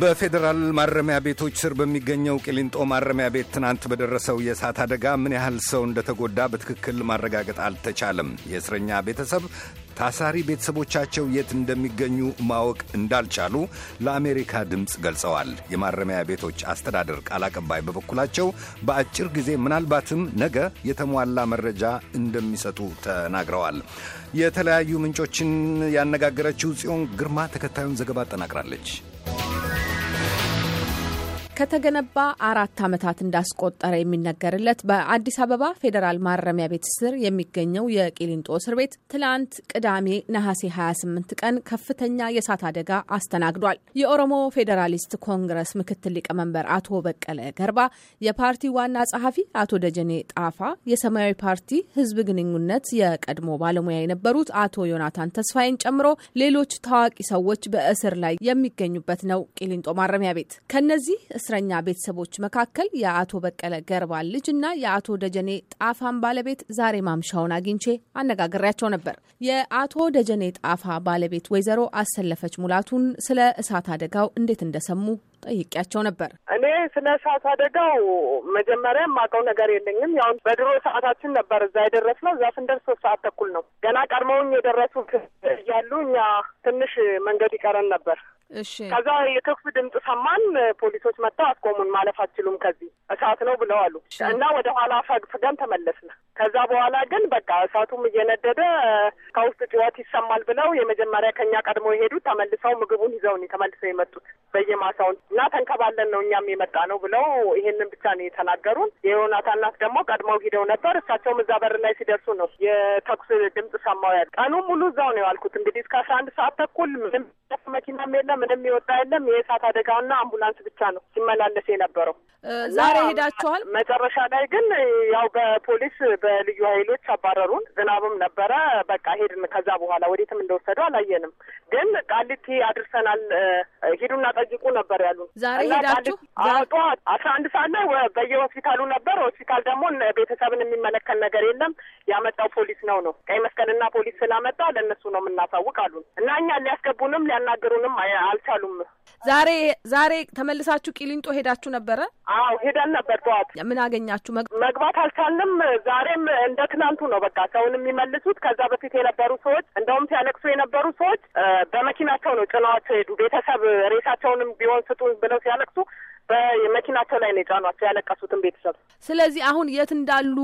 በፌዴራል ማረሚያ ቤቶች ስር በሚገኘው ቅሊንጦ ማረሚያ ቤት ትናንት በደረሰው የእሳት አደጋ ምን ያህል ሰው እንደተጎዳ በትክክል ማረጋገጥ አልተቻለም። የእስረኛ ቤተሰብ ታሳሪ ቤተሰቦቻቸው የት እንደሚገኙ ማወቅ እንዳልቻሉ ለአሜሪካ ድምፅ ገልጸዋል። የማረሚያ ቤቶች አስተዳደር ቃል አቀባይ በበኩላቸው በአጭር ጊዜ ምናልባትም ነገ የተሟላ መረጃ እንደሚሰጡ ተናግረዋል። የተለያዩ ምንጮችን ያነጋገረችው ጽዮን ግርማ ተከታዩን ዘገባ አጠናቅራለች። ከተገነባ አራት ዓመታት እንዳስቆጠረ የሚነገርለት በአዲስ አበባ ፌዴራል ማረሚያ ቤት ስር የሚገኘው የቂሊንጦ እስር ቤት ትላንት ቅዳሜ ነሐሴ 28 ቀን ከፍተኛ የእሳት አደጋ አስተናግዷል። የኦሮሞ ፌዴራሊስት ኮንግረስ ምክትል ሊቀመንበር አቶ በቀለ ገርባ፣ የፓርቲ ዋና ጸሐፊ አቶ ደጀኔ ጣፋ፣ የሰማያዊ ፓርቲ ህዝብ ግንኙነት የቀድሞ ባለሙያ የነበሩት አቶ ዮናታን ተስፋዬን ጨምሮ ሌሎች ታዋቂ ሰዎች በእስር ላይ የሚገኙበት ነው ቂሊንጦ ማረሚያ ቤት ከነዚህ እስረኛ ቤተሰቦች መካከል የአቶ በቀለ ገርባ ልጅ እና የአቶ ደጀኔ ጣፋን ባለቤት ዛሬ ማምሻውን አግኝቼ አነጋግሬያቸው ነበር። የአቶ ደጀኔ ጣፋ ባለቤት ወይዘሮ አሰለፈች ሙላቱን ስለ እሳት አደጋው እንዴት እንደሰሙ ጠይቄያቸው ነበር። እኔ ስለ እሳት አደጋው መጀመሪያ የማውቀው ነገር የለኝም። ያው በድሮ ሰዓታችን ነበር እዛ የደረስነው። እዛ ስንደርስ ሶስት ሰዓት ተኩል ነው። ገና ቀድመውኝ የደረሱ እያሉ እኛ ትንሽ መንገድ ይቀረን ነበር። እሺ፣ ከዛ የተኩስ ድምፅ ሰማን። ፖሊሶች መጥተው አስቆሙን። ማለፍ አችሉም ከዚህ እሳት ነው ብለው አሉ እና ወደ ኋላ ፈግፍገን ተመለስን። ከዛ በኋላ ግን በቃ እሳቱም እየነደደ ከውስጥ ጩኸት ይሰማል ብለው የመጀመሪያ ከኛ ቀድሞ የሄዱት ተመልሰው ምግቡን ይዘውን ተመልሰው የመጡት በየማሳውን እና ተንከባለን ነው እኛም የመጣ ነው ብለው ይሄንን ብቻ ነው የተናገሩን። የዮናታ እናት ደግሞ ቀድመው ሂደው ነበር። እሳቸውም እዛ በር ላይ ሲደርሱ ነው የተኩስ ድምፅ ሰማው ያል ቀኑ ሙሉ እዛው ነው ያልኩት። እንግዲህ እስከ አስራ አንድ ሰዓት ተኩል ምንም መኪናም የለም ምንም ይወጣ የለም። የእሳት አደጋና አምቡላንስ ብቻ ነው ሲመላለስ የነበረው። ዛሬ ሄዳችኋል? መጨረሻ ላይ ግን ያው በፖሊስ በልዩ ኃይሎች አባረሩን። ዝናብም ነበረ። በቃ ሄድን። ከዛ በኋላ ወዴትም እንደወሰዱ አላየንም። ግን ቃሊቲ አድርሰናል፣ ሂዱና ጠይቁ ነበር ያሉን። ዛሬ ሄዳችሁ? ጠዋት አስራ አንድ ሰዓት ላይ በየሆስፒታሉ ነበር። ሆስፒታል ደግሞ ቤተሰብን የሚመለከት ነገር የለም ያመጣው ፖሊስ ነው ነው ቀይ መስቀልና ፖሊስ ስላመጣ ለእነሱ ነው የምናሳውቅ አሉን እና እኛ ሊያስገቡንም ሊያናገሩንም አልቻሉም። ዛሬ ዛሬ ተመልሳችሁ ቂሊንጦ ሄዳችሁ ነበረ? አዎ ሄደን ነበር። ጠዋት ምን አገኛችሁ? መግባት አልቻልንም። ዛሬም እንደ ትናንቱ ነው። በቃ ሰውን የሚመልሱት ከዛ በፊት የነበሩ ሰዎች እንደውም ሲያለቅሱ የነበሩ ሰዎች በመኪናቸው ነው ጭነዋቸው ሄዱ። ቤተሰብ ሬሳቸውንም ቢሆን ስጡን ብለው ሲያለቅሱ በመኪናቸው ላይ ነው የጫኗቸው ያለቀሱትን ቤተሰብ። ስለዚህ አሁን የት እንዳሉ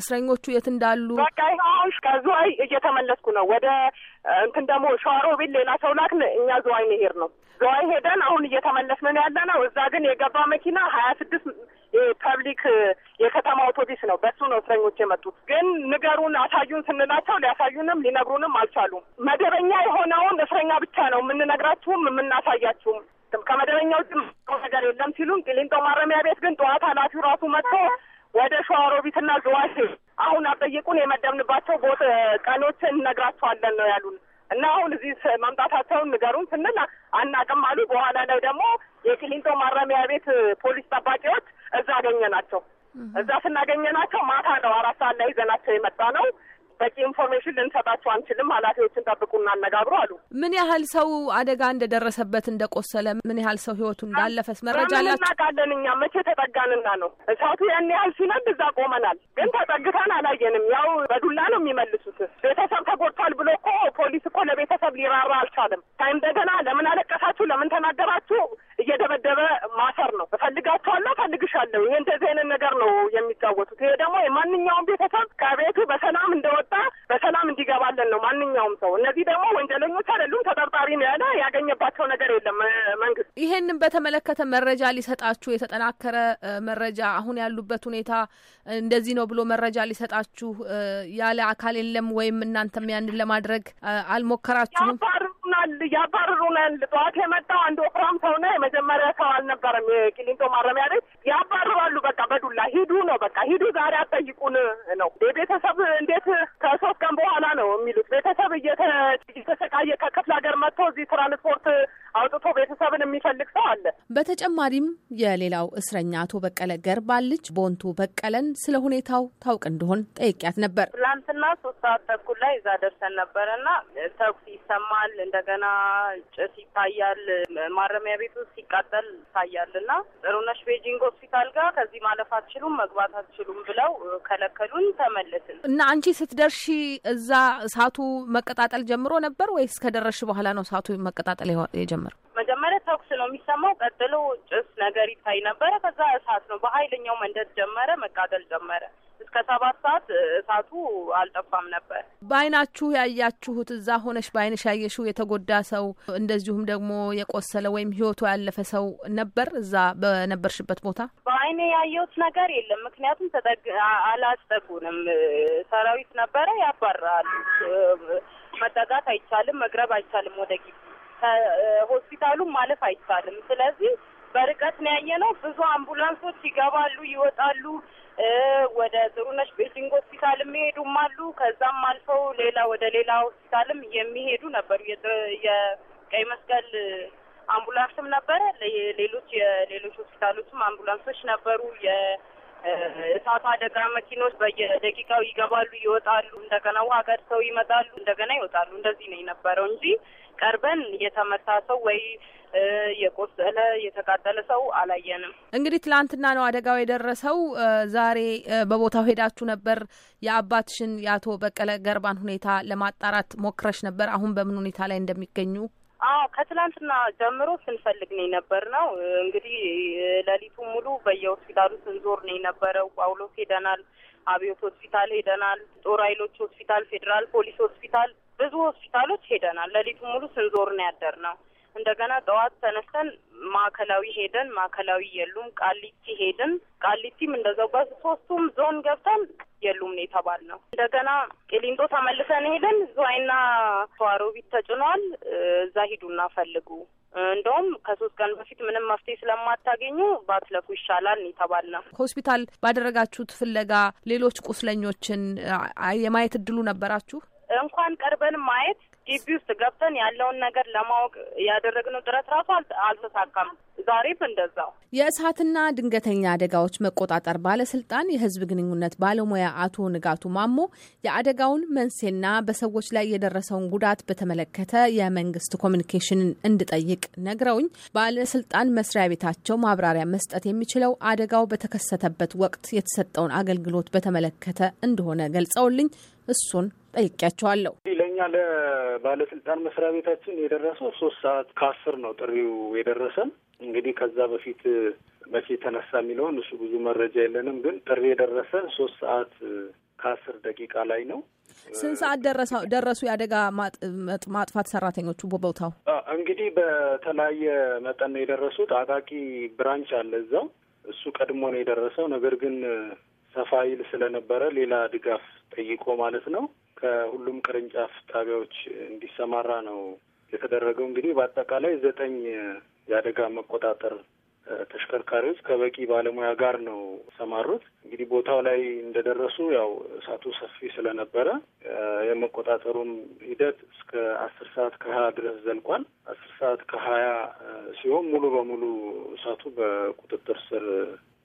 እስረኞቹ የት እንዳሉ በቃ አሁን ከዝዋይ እየተመለስኩ ነው። ወደ እንትን ደግሞ ሸዋሮቢት ሌላ ሰው ላክን። እኛ ዝዋይ መሄድ ነው። ዝዋይ ሄደን አሁን እየተመለስን ነው ያለ ነው። እዛ ግን የገባ መኪና ሀያ ስድስት የፐብሊክ የከተማ አውቶቢስ ነው። በሱ ነው እስረኞች የመጡት። ግን ንገሩን፣ አሳዩን ስንላቸው ሊያሳዩንም ሊነግሩንም አልቻሉም። መደበኛ የሆነውን እስረኛ ብቻ ነው የምንነግራችሁም የምናሳያችሁም። ከመደበኛ ውጭ ነገር የለም ሲሉን ቂሊንጦ ማረሚያ ቤት ግን ጠዋት ኃላፊው ራሱ መጥቶ ወደ ሸዋሮቢትና ዘዋሽ አሁን አጠይቁን የመደብንባቸው ቦት ቀኖችን እንነግራቸዋለን ነው ያሉን እና አሁን እዚህ መምጣታቸውን ንገሩን ስንል አናቅም አሉ። በኋላ ላይ ደግሞ የቅሊንጦ ማረሚያ ቤት ፖሊስ ጠባቂዎች እዛ አገኘናቸው። እዛ ስናገኘ ናቸው ማታ ነው አራት ሰዓት ላይ ይዘናቸው የመጣ ነው በቂ ኢንፎርሜሽን ልንሰጣቸው አንችልም፣ ኃላፊዎችን ጠብቁና አነጋግሩ አሉ። ምን ያህል ሰው አደጋ እንደደረሰበት እንደቆሰለ፣ ምን ያህል ሰው ህይወቱ እንዳለፈስ መረጃ ላ እናቃለን። እኛ መቼ ተጠጋንና ነው እሳቱ ያን ያህል ሲነድ እዛ ቆመናል፣ ግን ተጠግተን አላየንም። ያው በዱላ ነው የሚመልሱት። ቤተሰብ ተጎድቷል ብሎ እኮ ፖሊስ እኮ ለቤተሰብ ሊራራ አልቻለም። እንደገና ለምን አለቀሳችሁ ለምን ተናገራችሁ እየደበደበ ማሰር ነው። እፈልጋችኋለሁ እፈልግሻለሁ ይሄን የሚጫወቱት። ይሄ ደግሞ የማንኛውም ቤተሰብ ከቤቱ በሰላም እንደወጣ በሰላም እንዲገባለን ነው ማንኛውም ሰው። እነዚህ ደግሞ ወንጀለኞች አይደሉም፣ ተጠርጣሪ ነው ያለ ያገኘባቸው ነገር የለም መንግስት። ይሄንን በተመለከተ መረጃ ሊሰጣችሁ የተጠናከረ መረጃ አሁን ያሉበት ሁኔታ እንደዚህ ነው ብሎ መረጃ ሊሰጣችሁ ያለ አካል የለም ወይም እናንተም ያንን ለማድረግ አልሞከራችሁም? ይገሉናል፣ ያባርሩናል። ጠዋት የመጣው አንድ ወፍራም ሰውና የመጀመሪያ ሰው አልነበረም የቂሊንጦ ማረሚያ ቤት። ያባርራሉ በቃ በዱላ ሂዱ ነው በቃ ሂዱ፣ ዛሬ አጠይቁን ነው። የቤተሰብ እንዴት ከሶስት ቀን በኋላ ነው የሚሉት ቤተሰብ እየተሰቃየ ከክፍለ ሀገር መጥቶ እዚህ ትራንስፖርት ቤተሰብን የሚፈልግ ሰው አለ። በተጨማሪም የሌላው እስረኛ አቶ በቀለ ገርባ ልጅ ቦንቱ በቀለን ስለ ሁኔታው ታውቅ እንደሆን ጠይቂያት ነበር። ትላንትና ሶስት ሰዓት ተኩል ላይ እዛ ደርሰን ነበረና ተኩስ ይሰማል፣ እንደገና ጭስ ይታያል፣ ማረሚያ ቤት ውስጥ ሲቃጠል ይታያል። እና ጥሩነሽ ቤጂንግ ሆስፒታል ጋር ከዚህ ማለፍ አትችሉም፣ መግባት አትችሉም ብለው ከለከሉን። ተመለስን እና አንቺ ስትደርሺ እዛ እሳቱ መቀጣጠል ጀምሮ ነበር ወይስ ከደረስሽ በኋላ ነው እሳቱ መቀጣጠል የጀመረው? መጀመሪያ ተኩስ ነው የሚሰማው። ቀጥሎ ጭስ ነገር ይታይ ነበረ። ከዛ እሳት ነው በኃይለኛው መንደድ ጀመረ፣ መቃጠል ጀመረ። እስከ ሰባት ሰዓት እሳቱ አልጠፋም ነበር። በአይናችሁ ያያችሁት እዛ ሆነሽ በአይንሽ ያየሽው የተጎዳ ሰው እንደዚሁም ደግሞ የቆሰለ ወይም ህይወቱ ያለፈ ሰው ነበር እዛ በነበርሽበት ቦታ? በአይኔ ያየሁት ነገር የለም። ምክንያቱም ተጠግ አላስጠጉንም። ሰራዊት ነበረ ያባራሉ። መጠጋት አይቻልም፣ መቅረብ አይቻልም ወደ ጊቢ ከሆስፒታሉም ማለፍ አይቻልም። ስለዚህ በርቀት ነው ነው። ብዙ አምቡላንሶች ይገባሉ፣ ይወጣሉ። ወደ ጥሩነሽ ቤጂንግ ሆስፒታል የሚሄዱም አሉ። ከዛም አልፈው ሌላ ወደ ሌላ ሆስፒታልም የሚሄዱ ነበሩ። የቀይ መስቀል አምቡላንስም ነበረ። ሌሎች የሌሎች ሆስፒታሎችም አምቡላንሶች ነበሩ። የእሳት አደጋ መኪኖች በየደቂቃው ይገባሉ፣ ይወጣሉ። እንደገና ውሃ ቀድተው ይመጣሉ፣ እንደገና ይወጣሉ። እንደዚህ ነው የነበረው እንጂ ቀርበን የተመታ ሰው ወይ የቆሰለ የተቃጠለ ሰው አላየንም። እንግዲህ ትላንትና ነው አደጋው የደረሰው። ዛሬ በቦታው ሄዳችሁ ነበር። የአባትሽን የአቶ በቀለ ገርባን ሁኔታ ለማጣራት ሞክረሽ ነበር። አሁን በምን ሁኔታ ላይ እንደሚገኙ? አዎ ከትላንትና ጀምሮ ስንፈልግ ነው የነበር ነው እንግዲህ ሌሊቱ ሙሉ በየሆስፒታሉ ስንዞር ነው የነበረው። ጳውሎስ ሄደናል፣ አብዮት ሆስፒታል ሄደናል፣ ጦር ኃይሎች ሆስፒታል፣ ፌዴራል ፖሊስ ሆስፒታል ብዙ ሆስፒታሎች ሄደናል። ሌሊቱ ሙሉ ስንዞር ነው ያደር ነው። እንደገና ጠዋት ተነስተን ማዕከላዊ ሄደን ማዕከላዊ የሉም። ቃሊቲ ሄድን። ቃሊቲም እንደዛው በሶስቱም ዞን ገብተን የሉም ነው ነው። እንደገና ቅሊንጦ ተመልሰን ሄደን ዝዋይና ተዋሮቢት ተጭኗል። እዛ ሂዱና ፈልጉ እንደውም ከሶስት ቀን በፊት ምንም መፍትሄ ስለማታገኙ ባትለፉ ይሻላል ነው። ሆስፒታል ባደረጋችሁት ፍለጋ ሌሎች ቁስለኞችን የማየት እድሉ ነበራችሁ? እንኳን ቀርበን ማየት ግቢ ውስጥ ገብተን ያለውን ነገር ለማወቅ ያደረግነው ጥረት ራሱ አልተሳካም። ዛሬም እንደዛው። የእሳትና ድንገተኛ አደጋዎች መቆጣጠር ባለስልጣን የህዝብ ግንኙነት ባለሙያ አቶ ንጋቱ ማሞ የአደጋውን መንስኤና በሰዎች ላይ የደረሰውን ጉዳት በተመለከተ የመንግስት ኮሚኒኬሽንን እንድጠይቅ ነግረውኝ ባለስልጣን መስሪያ ቤታቸው ማብራሪያ መስጠት የሚችለው አደጋው በተከሰተበት ወቅት የተሰጠውን አገልግሎት በተመለከተ እንደሆነ ገልጸውልኝ እሱን ጠይቄያቸዋለሁ። ለእኛ ለባለስልጣን መስሪያ ቤታችን የደረሰው ሶስት ሰዓት ከአስር ነው ጥሪው የደረሰን። እንግዲህ ከዛ በፊት መቼ የተነሳ የሚለውን እሱ ብዙ መረጃ የለንም፣ ግን ጥሪ የደረሰን ሶስት ሰዓት ከአስር ደቂቃ ላይ ነው። ስንት ሰዓት ደረሱ የአደጋ ማጥፋት ሰራተኞቹ በቦታው? እንግዲህ በተለያየ መጠን ነው የደረሱት። አቃቂ ብራንች አለ እዛው፣ እሱ ቀድሞ ነው የደረሰው። ነገር ግን ሰፋ ይል ስለነበረ ሌላ ድጋፍ ጠይቆ ማለት ነው ከሁሉም ቅርንጫፍ ጣቢያዎች እንዲሰማራ ነው የተደረገው። እንግዲህ በአጠቃላይ ዘጠኝ የአደጋ መቆጣጠር ተሽከርካሪዎች ከበቂ ባለሙያ ጋር ነው ሰማሩት። እንግዲህ ቦታው ላይ እንደደረሱ ያው እሳቱ ሰፊ ስለነበረ የመቆጣጠሩም ሂደት እስከ አስር ሰዓት ከሀያ ድረስ ዘልቋል። አስር ሰዓት ከሀያ ሲሆን ሙሉ በሙሉ እሳቱ በቁጥጥር ስር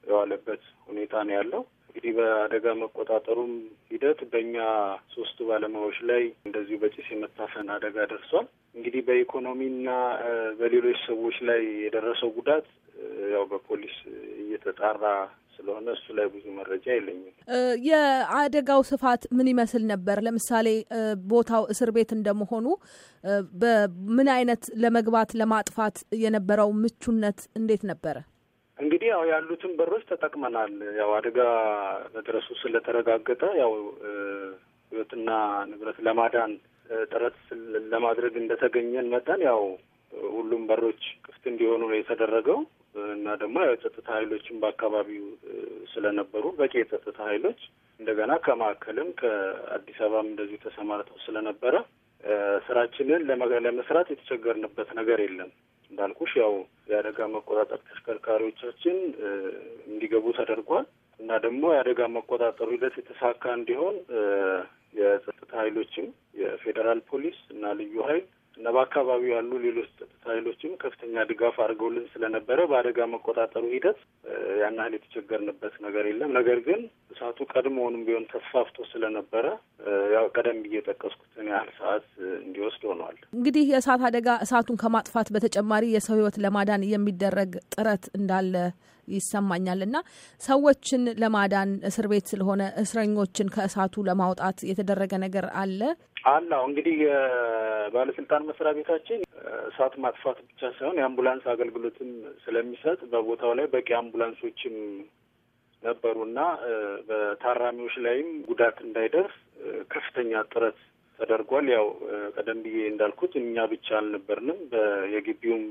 የዋለበት ሁኔታ ነው ያለው። እንግዲህ በአደጋ መቆጣጠሩም ሂደት በእኛ ሶስቱ ባለሙያዎች ላይ እንደዚሁ በጭስ የመታፈን አደጋ ደርሷል። እንግዲህ በኢኮኖሚና በሌሎች ሰዎች ላይ የደረሰው ጉዳት ያው በፖሊስ እየተጣራ ስለሆነ እሱ ላይ ብዙ መረጃ የለኝም። የአደጋው ስፋት ምን ይመስል ነበር? ለምሳሌ ቦታው እስር ቤት እንደመሆኑ በምን አይነት ለመግባት ለማጥፋት የነበረው ምቹነት እንዴት ነበረ? እንግዲህ ያው ያሉትን በሮች ተጠቅመናል። ያው አደጋ መድረሱ ስለተረጋገጠ ያው ህይወትና ንብረት ለማዳን ጥረት ለማድረግ እንደተገኘን መጠን ያው ሁሉም በሮች ክፍት እንዲሆኑ ነው የተደረገው እና ደግሞ የጸጥታ ኃይሎችን በአካባቢው ስለነበሩ በቂ የጸጥታ ኃይሎች እንደገና ከማዕከልም ከአዲስ አበባም እንደዚሁ ተሰማርተው ስለነበረ ስራችንን ለመስራት የተቸገርንበት ነገር የለም። እንዳልኩሽ ያው የአደጋ መቆጣጠር ተሽከርካሪዎቻችን እንዲገቡ ተደርጓል እና ደግሞ የአደጋ መቆጣጠሩ ሂደት የተሳካ እንዲሆን የጸጥታ ኃይሎችም የፌዴራል ፖሊስ እና ልዩ ኃይል እና በአካባቢው ያሉ ሌሎች ጸጥታ ኃይሎችም ከፍተኛ ድጋፍ አድርገውልን ስለነበረ በአደጋ መቆጣጠሩ ሂደት ያን ያህል የተቸገርንበት ነገር የለም። ነገር ግን እሳቱ ቀድሞውንም ቢሆን ተስፋፍቶ ስለነበረ ያው ቀደም ብዬ የጠቀስኩትን ያህል ሰዓት እንዲወስድ ሆኗል። እንግዲህ የእሳት አደጋ እሳቱን ከማጥፋት በተጨማሪ የሰው ሕይወት ለማዳን የሚደረግ ጥረት እንዳለ ይሰማኛል እና ሰዎችን ለማዳን እስር ቤት ስለሆነ እስረኞችን ከእሳቱ ለማውጣት የተደረገ ነገር አለ አላው እንግዲህ የባለስልጣን መስሪያ ቤታችን እሳት ማጥፋት ብቻ ሳይሆን የአምቡላንስ አገልግሎትም ስለሚሰጥ በቦታው ላይ በቂ አምቡላንሶችም ነበሩና በታራሚዎች ላይም ጉዳት እንዳይደርስ ከፍተኛ ጥረት ተደርጓል። ያው ቀደም ብዬ እንዳልኩት እኛ ብቻ አልነበርንም። የግቢውም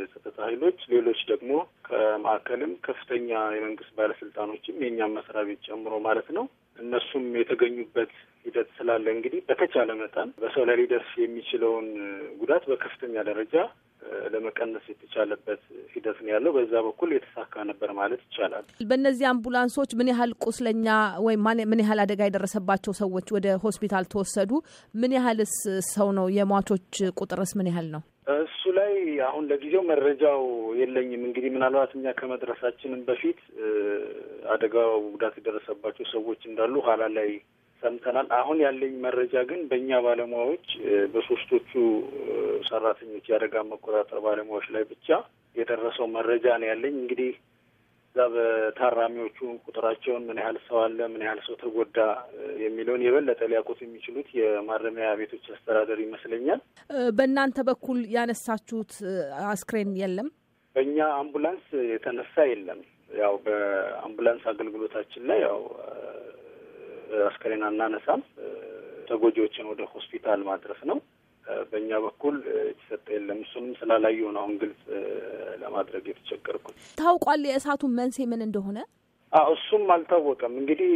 የጸጥታ ኃይሎች፣ ሌሎች ደግሞ ከማዕከልም ከፍተኛ የመንግስት ባለስልጣኖችም የእኛም መስሪያ ቤት ጨምሮ ማለት ነው እነሱም የተገኙበት ሂደት ስላለ እንግዲህ በተቻለ መጠን በሰው ላይ ሊደርስ የሚችለውን ጉዳት በከፍተኛ ደረጃ ለመቀነስ የተቻለበት ሂደት ነው ያለው። በዛ በኩል የተሳካ ነበር ማለት ይቻላል። በእነዚህ አምቡላንሶች ምን ያህል ቁስለኛ ወይም ምን ያህል አደጋ የደረሰባቸው ሰዎች ወደ ሆስፒታል ተወሰዱ? ምን ያህልስ ሰው ነው? የሟቾች ቁጥርስ ምን ያህል ነው? እሱ ላይ አሁን ለጊዜው መረጃው የለኝም። እንግዲህ ምናልባት እኛ ከመድረሳችንም በፊት አደጋው ጉዳት የደረሰባቸው ሰዎች እንዳሉ ኋላ ላይ ሰምተናል። አሁን ያለኝ መረጃ ግን በእኛ ባለሙያዎች በሶስቶቹ ሰራተኞች የአደጋ መቆጣጠር ባለሙያዎች ላይ ብቻ የደረሰው መረጃ ነው ያለኝ። እንግዲህ እዛ በታራሚዎቹ ቁጥራቸውን ምን ያህል ሰው አለ፣ ምን ያህል ሰው ተጎዳ የሚለውን የበለጠ ሊያውቁት የሚችሉት የማረሚያ ቤቶች አስተዳደር ይመስለኛል። በእናንተ በኩል ያነሳችሁት አስክሬን የለም? በእኛ አምቡላንስ የተነሳ የለም። ያው በአምቡላንስ አገልግሎታችን ላይ ያው አስከሬን አናነሳም። ተጎጂዎችን ወደ ሆስፒታል ማድረስ ነው። በእኛ በኩል የተሰጠ የለም። እሱንም ስላላዩ ነው አሁን ግልጽ ለማድረግ የተቸገርኩት። ታውቋል የእሳቱን መንስኤ ምን እንደሆነ? እሱም አልታወቀም። እንግዲህ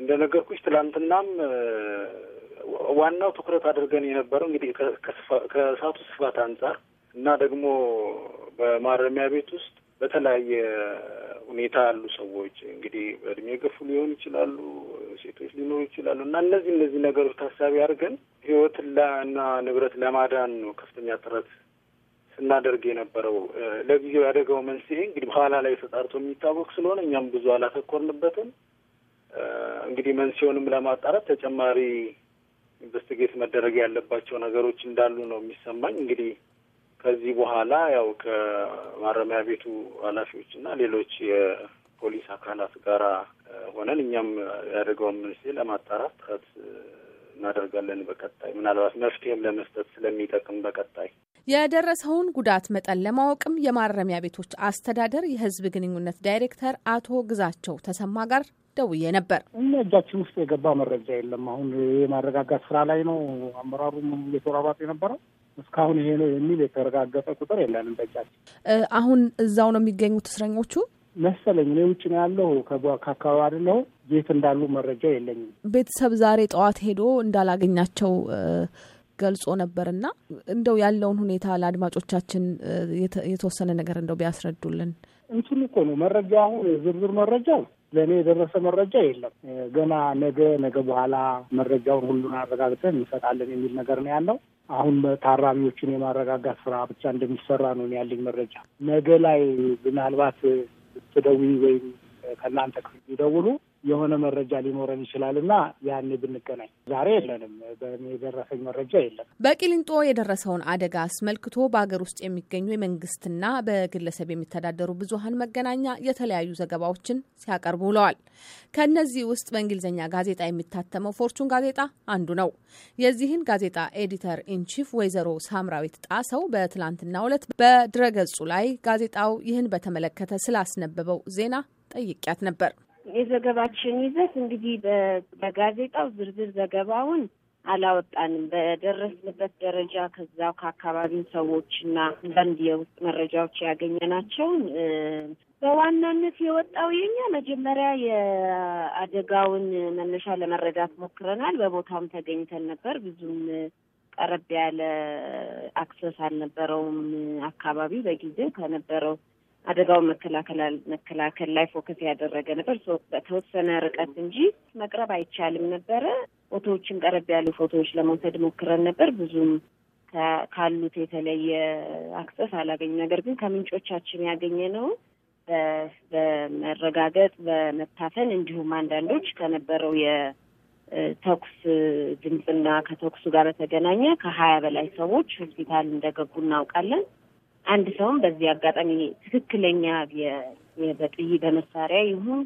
እንደነገርኩሽ ትላንትናም ዋናው ትኩረት አድርገን የነበረው እንግዲህ ከእሳቱ ስፋት አንጻር እና ደግሞ በማረሚያ ቤት ውስጥ በተለያየ ሁኔታ ያሉ ሰዎች እንግዲህ በእድሜ የገፉ ሊሆን ይችላሉ፣ ሴቶች ሊኖሩ ይችላሉ እና እነዚህ እነዚህ ነገሮች ታሳቢ አድርገን ህይወት እና ንብረት ለማዳን ነው ከፍተኛ ጥረት ስናደርግ የነበረው። ለጊዜው ያደገው መንስኤ እንግዲህ በኋላ ላይ ተጣርቶ የሚታወቅ ስለሆነ እኛም ብዙ አላተኮርንበትም። እንግዲህ መንስኤውንም ለማጣራት ተጨማሪ ኢንቨስቲጌት መደረግ ያለባቸው ነገሮች እንዳሉ ነው የሚሰማኝ። እንግዲህ ከዚህ በኋላ ያው ከማረሚያ ቤቱ ኃላፊዎች እና ሌሎች ፖሊስ አካላት ጋራ ሆነን እኛም ያደርገውን መንስኤ ለማጣራት ጥረት እናደርጋለን። በቀጣይ ምናልባት መፍትሄም ለመስጠት ስለሚጠቅም በቀጣይ የደረሰውን ጉዳት መጠን ለማወቅም የማረሚያ ቤቶች አስተዳደር የሕዝብ ግንኙነት ዳይሬክተር አቶ ግዛቸው ተሰማ ጋር ደውዬ ነበር። እኛ እጃችን ውስጥ የገባ መረጃ የለም። አሁን የማረጋጋት ስራ ላይ ነው አመራሩም እየተወራባጡ የነበረው። እስካሁን ይሄ ነው የሚል የተረጋገጠ ቁጥር የለንም በእጃችን። አሁን እዛው ነው የሚገኙት እስረኞቹ መሰለኝ እኔ ውጭ ነው ያለው ከአካባቢ አይደለሁ። የት እንዳሉ መረጃ የለኝም። ቤተሰብ ዛሬ ጠዋት ሄዶ እንዳላገኛቸው ገልጾ ነበር እና እንደው ያለውን ሁኔታ ለአድማጮቻችን የተወሰነ ነገር እንደው ቢያስረዱልን። እንትን እኮ ነው መረጃ አሁን ዝርዝር መረጃው ለእኔ የደረሰ መረጃ የለም። ገና ነገ ነገ በኋላ መረጃውን ሁሉን አረጋግጠን እንሰጣለን የሚል ነገር ነው ያለው። አሁን ታራሚዎችን የማረጋጋት ስራ ብቻ እንደሚሰራ ነው ያለኝ መረጃ። ነገ ላይ ምናልባት ብትደውይ ወይም ከእናንተ ክፍል ቢደውሉ የሆነ መረጃ ሊኖረን ይችላል እና ያኔ ብንገናኝ። ዛሬ የለንም፣ የደረሰኝ መረጃ የለም። በቂሊንጦ የደረሰውን አደጋ አስመልክቶ በሀገር ውስጥ የሚገኙ የመንግስትና በግለሰብ የሚተዳደሩ ብዙሀን መገናኛ የተለያዩ ዘገባዎችን ሲያቀርቡ ውለዋል። ከእነዚህ ውስጥ በእንግሊዝኛ ጋዜጣ የሚታተመው ፎርቹን ጋዜጣ አንዱ ነው። የዚህን ጋዜጣ ኤዲተር ኢንቺፍ ወይዘሮ ሳምራዊት ጣሰው በትላንትና ዕለት በድረገጹ ላይ ጋዜጣው ይህን በተመለከተ ስላስነበበው ዜና ጠይቂያት ነበር። የዘገባችን ይዘት እንግዲህ በጋዜጣው ዝርዝር ዘገባውን አላወጣንም። በደረስንበት ደረጃ ከዛው ከአካባቢው ሰዎች እና አንዳንድ የውስጥ መረጃዎች ያገኘናቸውን በዋናነት የወጣው የኛ መጀመሪያ የአደጋውን መነሻ ለመረዳት ሞክረናል። በቦታውም ተገኝተን ነበር። ብዙም ቀረብ ያለ አክሰስ አልነበረውም አካባቢው በጊዜው ከነበረው አደጋውን መከላከል ላይ ፎከስ ያደረገ ነበር። በተወሰነ ርቀት እንጂ መቅረብ አይቻልም ነበረ። ፎቶዎችን ቀረብ ያሉ ፎቶዎች ለመውሰድ ሞክረን ነበር። ብዙም ካሉት የተለየ አክሰስ አላገኙ። ነገር ግን ከምንጮቻችን ያገኘ ነው በመረጋገጥ በመታፈን እንዲሁም አንዳንዶች ከነበረው የተኩስ ድምፅና ከተኩሱ ጋር በተገናኘ ከሀያ በላይ ሰዎች ሆስፒታል እንደገቡ እናውቃለን። አንድ ሰውም በዚህ አጋጣሚ ትክክለኛ በጥይ በመሳሪያ ይሁን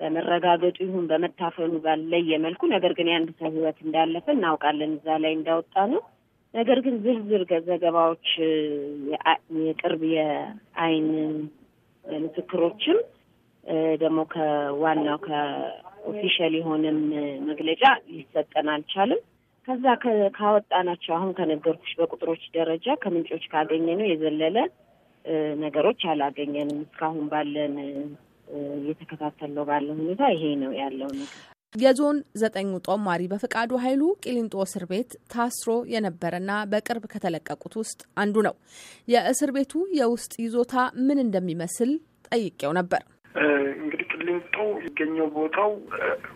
በመረጋገጡ ይሁን በመታፈኑ ባለየ መልኩ ነገር ግን የአንድ ሰው ህይወት እንዳለፈ እናውቃለን። እዛ ላይ እንዳወጣ ነው። ነገር ግን ዝርዝር ዘገባዎች የቅርብ የአይን ምስክሮችም ደግሞ ከዋናው ከኦፊሻል የሆነም መግለጫ ሊሰጠን አልቻልም። ከዛ ካወጣናቸው አሁን ከነገርኩሽ በቁጥሮች ደረጃ ከምንጮች ነው የዘለለ ነገሮች አላገኘንም። እስካሁን ባለን እየተከታተለው ባለ ሁኔታ ይሄ ነው ያለው ነገር። የዞን ዘጠኙ ጦማሪ በፈቃዱ ኃይሉ ቂሊንጦ እስር ቤት ታስሮ የነበረና በቅርብ ከተለቀቁት ውስጥ አንዱ ነው። የእስር ቤቱ የውስጥ ይዞታ ምን እንደሚመስል ጠይቄው ነበር። ቂሊንጦ የሚገኘው ቦታው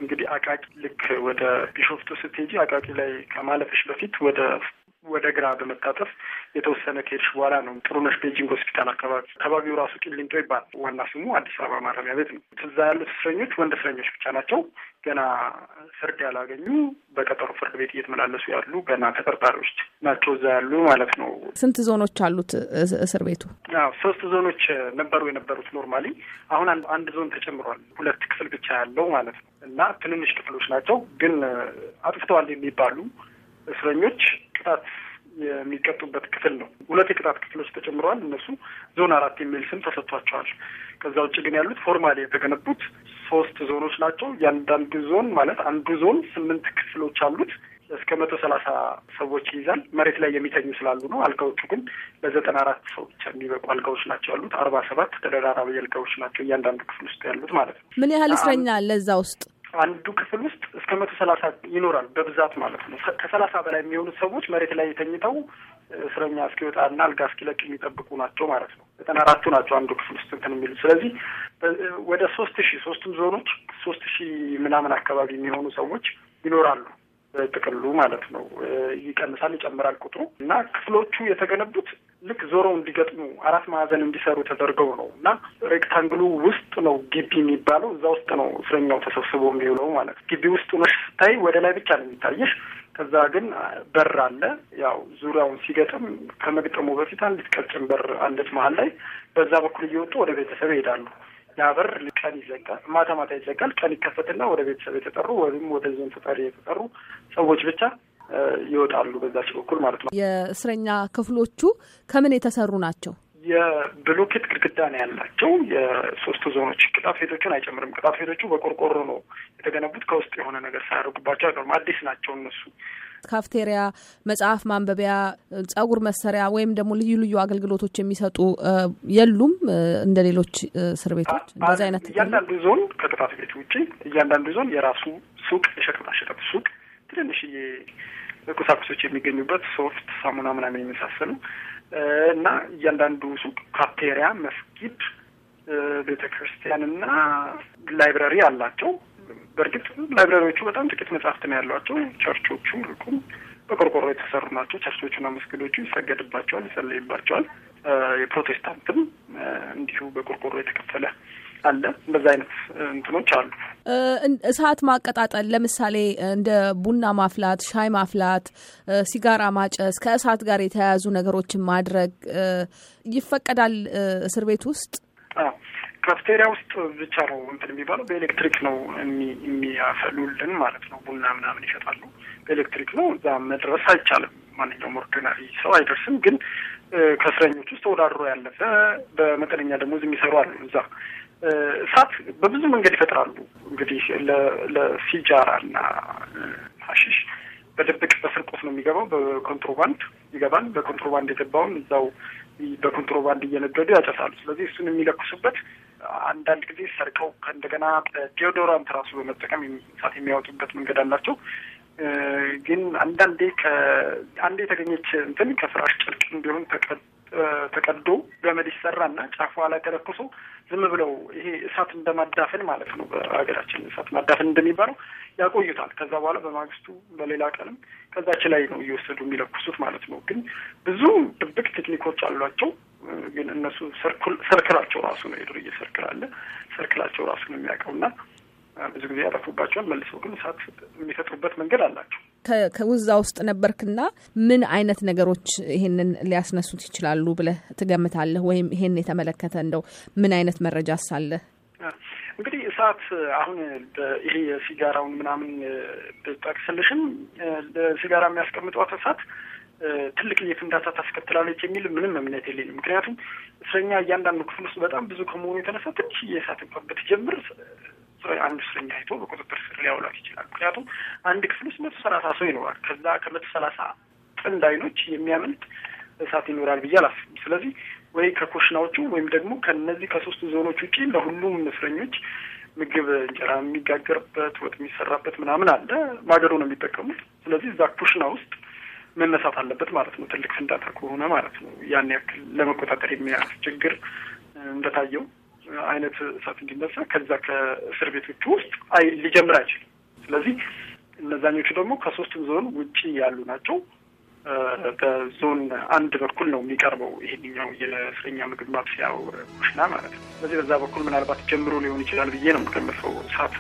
እንግዲህ አቃቂ ልክ ወደ ቢሾፍቱ ስትሄጂ አቃቂ ላይ ከማለፈሽ በፊት ወደ ወደ ግራ በመታጠፍ የተወሰነ ከሄድሽ በኋላ ነው ጥሩነሽ ቤጂንግ ሆስፒታል አካባቢ። አካባቢው ራሱ ቂሊንጦ ይባላል። ዋና ስሙ አዲስ አበባ ማረሚያ ቤት ነው። እዛ ያሉት እስረኞች ወንድ እስረኞች ብቻ ናቸው። ገና ፍርድ ያላገኙ በቀጠሮ ፍርድ ቤት እየተመላለሱ ያሉ ገና ተጠርጣሪዎች ናቸው እዛ ያሉ ማለት ነው። ስንት ዞኖች አሉት እስር ቤቱ? አዎ ሶስት ዞኖች ነበሩ የነበሩት ኖርማሊ። አሁን አንድ ዞን ተጨምሯል። ሁለት ክፍል ብቻ ያለው ማለት ነው። እና ትንንሽ ክፍሎች ናቸው። ግን አጥፍተዋል የሚባሉ እስረኞች ቅጣት የሚቀጡበት ክፍል ነው። ሁለት የቅጣት ክፍሎች ተጨምረዋል። እነሱ ዞን አራት የሚል ስም ተሰጥቷቸዋል። ከዛ ውጭ ግን ያሉት ፎርማሊ የተገነቡት ሶስት ዞኖች ናቸው። ያንዳንዱ ዞን ማለት አንዱ ዞን ስምንት ክፍሎች አሉት። እስከ መቶ ሰላሳ ሰዎች ይይዛል። መሬት ላይ የሚተኙ ስላሉ ነው። አልጋዎቹ ግን ለዘጠና አራት ሰው ብቻ የሚበቁ አልጋዎች ናቸው ያሉት። አርባ ሰባት ተደራራቢ አልጋዎች ናቸው እያንዳንዱ ክፍል ውስጥ ያሉት ማለት ነው። ምን ያህል እስረኛ አለ እዛ ውስጥ? አንዱ ክፍል ውስጥ እስከ መቶ ሰላሳ ይኖራል በብዛት ማለት ነው። ከሰላሳ በላይ የሚሆኑ ሰዎች መሬት ላይ የተኝተው እስረኛ እስኪወጣና አልጋ እስኪለቅ የሚጠብቁ ናቸው ማለት ነው። ዘጠና አራቱ ናቸው አንዱ ክፍል ውስጥ እንትን የሚሉት ስለዚህ ወደ ሶስት ሺህ ሶስቱም ዞኖች ሶስት ሺህ ምናምን አካባቢ የሚሆኑ ሰዎች ይኖራሉ። ጥቅሉ ማለት ነው። ይቀንሳል፣ ይጨምራል ቁጥሩ እና ክፍሎቹ የተገነቡት ልክ ዞሮ እንዲገጥሙ አራት ማዕዘን እንዲሰሩ ተደርገው ነው እና ሬክታንግሉ ውስጥ ነው ግቢ የሚባለው እዛ ውስጥ ነው እስረኛው ተሰብስቦ የሚውለው ማለት ነው። ግቢ ውስጥ ሆነሽ ስታይ ወደ ላይ ብቻ ነው የሚታየሽ። ከዛ ግን በር አለ። ያው ዙሪያውን ሲገጥም ከመግጠሙ በፊት አንዲት ቀጭን በር አለች መሀል ላይ። በዛ በኩል እየወጡ ወደ ቤተሰብ ይሄዳሉ። ያ ቀን ይዘጋል። ማታ ማታ ይዘጋል። ቀን ይከፈትና ወደ ቤተሰብ የተጠሩ ወይም ወደ ዞን ተጠሪ የተጠሩ ሰዎች ብቻ ይወጣሉ። በዛች በኩል ማለት ነው። የእስረኛ ክፍሎቹ ከምን የተሰሩ ናቸው? የብሎኬት ግድግዳ ነው ያላቸው። የሶስቱ ዞኖች ቅጣት ቤቶቹን አይጨምርም። ቅጣት ቤቶቹ በቆርቆሮ ነው የተገነቡት። ከውስጥ የሆነ ነገር ሳያደርጉባቸው አይቀርም። አዲስ ናቸው እነሱ ካፍቴሪያ፣ መጽሐፍ ማንበቢያ፣ ጸጉር መሰሪያ ወይም ደግሞ ልዩ ልዩ አገልግሎቶች የሚሰጡ የሉም እንደ ሌሎች እስር ቤቶች እንደዚህ አይነት። እያንዳንዱ ዞን ከቅጣት ቤት ውጭ እያንዳንዱ ዞን የራሱ ሱቅ፣ የሸቀጣሸቀጥ ሱቅ፣ ትንንሽዬ ቁሳቁሶች የሚገኙበት ሶፍት፣ ሳሙና ምናምን የመሳሰሉ እና እያንዳንዱ ሱቅ ካፍቴሪያ፣ መስጊድ፣ ቤተ ክርስቲያን እና ላይብረሪ አላቸው። በእርግጥ ላይብራሪዎቹ በጣም ጥቂት መጽሐፍት ነው ያሏቸው። ቸርቾቹ ልኩም በቆርቆሮ የተሰሩ ናቸው። ቸርቾቹና መስጊዶቹ ይሰገድባቸዋል፣ ይጸለይባቸዋል። የፕሮቴስታንትም እንዲሁ በቆርቆሮ የተከፈለ አለ። እንደዚ አይነት እንትኖች አሉ። እሳት ማቀጣጠል ለምሳሌ እንደ ቡና ማፍላት፣ ሻይ ማፍላት፣ ሲጋራ ማጨስ፣ ከእሳት ጋር የተያያዙ ነገሮችን ማድረግ ይፈቀዳል እስር ቤት ውስጥ ካፍቴሪያ ውስጥ ብቻ ነው እንትን የሚባለው በኤሌክትሪክ ነው የሚያፈሉልን ማለት ነው። ቡና ምናምን ይሸጣሉ በኤሌክትሪክ ነው። እዛ መድረስ አይቻልም። ማንኛውም ኦርዲናሪ ሰው አይደርስም። ግን ከእስረኞች ውስጥ ተወዳድሮ ያለፈ በመጠነኛ ደሞዝ የሚሰሩ አሉ እዛ እሳት በብዙ መንገድ ይፈጥራሉ። እንግዲህ ለሲጃራ እና ሀሽሽ በድብቅ በስርቆት ነው የሚገባው። በኮንትሮባንድ ይገባል። በኮንትሮባንድ የገባውን እዛው በኮንትሮባንድ እየነገዱ ያጨሳሉ። ስለዚህ እሱን የሚለኩሱበት አንዳንድ ጊዜ ሰርቀው እንደገና ዲዮዶራንት ራሱ በመጠቀም እሳት የሚያወጡበት መንገድ አላቸው። ግን አንዳንዴ አንዴ የተገኘች እንትን ከፍራሽ ጨርቅ እንዲሆን ተቀዶ ገመድ እና ጫፉ ላይ ተለኩሶ ዝም ብለው ይሄ እሳት እንደማዳፈን ማለት ነው። በሀገራችን እሳት ማዳፈን እንደሚባለው ያቆዩታል። ከዛ በኋላ በማግስቱ በሌላ ቀንም ከዛች ላይ ነው እየወሰዱ የሚለኩሱት ማለት ነው። ግን ብዙ ድብቅ ቴክኒኮች አሏቸው። ግን እነሱ ሰርክላቸው ራሱ ነው የድርጅት ሰርክል አለ። ሰርክላቸው ራሱ ነው የሚያውቀውና ብዙ ጊዜ ያረፉባቸውን መልሰው ግን እሳት የሚፈጥሩበት መንገድ አላቸው። ከውዛ ውስጥ ነበርክና ምን አይነት ነገሮች ይሄንን ሊያስነሱት ይችላሉ ብለህ ትገምታለህ? ወይም ይሄን የተመለከተ እንደው ምን አይነት መረጃ ሳለ እንግዲህ እሳት አሁን ይሄ የሲጋራውን ምናምን ጠቅስልሽም ለሲጋራ የሚያስቀምጧት እሳት ትልቅ የፍንዳታ ታስከትላለች የሚል ምንም እምነት የለኝ። ምክንያቱም እስረኛ እያንዳንዱ ክፍል ውስጥ በጣም ብዙ ከመሆኑ የተነሳ ትንሽ የእሳት እንኳን ብትጀምር አንድ እስረኛ አይቶ በቁጥጥር ስር ሊያውላት ይችላል። ምክንያቱም አንድ ክፍል ውስጥ መቶ ሰላሳ ሰው ይኖራል። ከዛ ከመቶ ሰላሳ ጥንድ አይኖች የሚያመልጥ እሳት ይኖራል ብዬ አላስብም። ስለዚህ ወይ ከኮሽናዎቹ ወይም ደግሞ ከነዚህ ከሶስቱ ዞኖች ውጪ ለሁሉም እስረኞች ምግብ፣ እንጀራ የሚጋገርበት፣ ወጥ የሚሰራበት ምናምን አለ። ማገዶ ነው የሚጠቀሙት። ስለዚህ እዛ ኩሽና ውስጥ መነሳት አለበት ማለት ነው። ትልቅ ፍንዳታ ከሆነ ማለት ነው። ያን ያክል ለመቆጣጠር የሚያስ ችግር እንደታየው አይነት እሳት እንዲነሳ ከዛ ከእስር ቤቶቹ ውስጥ አይ ሊጀምር አይችልም። ስለዚህ እነዛኞቹ ደግሞ ከሶስቱም ዞን ውጪ ያሉ ናቸው። በዞን አንድ በኩል ነው የሚቀርበው ይሄኛው የእስረኛ ምግብ ማብሰያ ኩሽና ማለት ነው። ስለዚህ በዛ በኩል ምናልባት ጀምሮ ሊሆን ይችላል ብዬ ነው የምገምተው። እሳት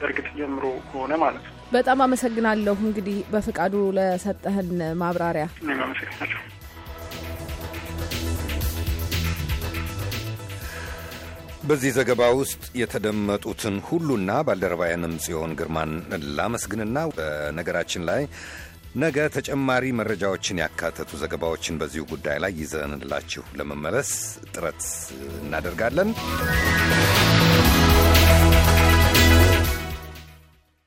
በእርግጥ ጀምሮ ከሆነ ማለት ነው። በጣም አመሰግናለሁ እንግዲህ በፍቃዱ ለሰጠህን ማብራሪያ። በዚህ ዘገባ ውስጥ የተደመጡትን ሁሉና ባልደረባዬንም ጽዮን ግርማን ላመስግንና በነገራችን ላይ ነገ ተጨማሪ መረጃዎችን ያካተቱ ዘገባዎችን በዚሁ ጉዳይ ላይ ይዘንላችሁ ለመመለስ ጥረት እናደርጋለን።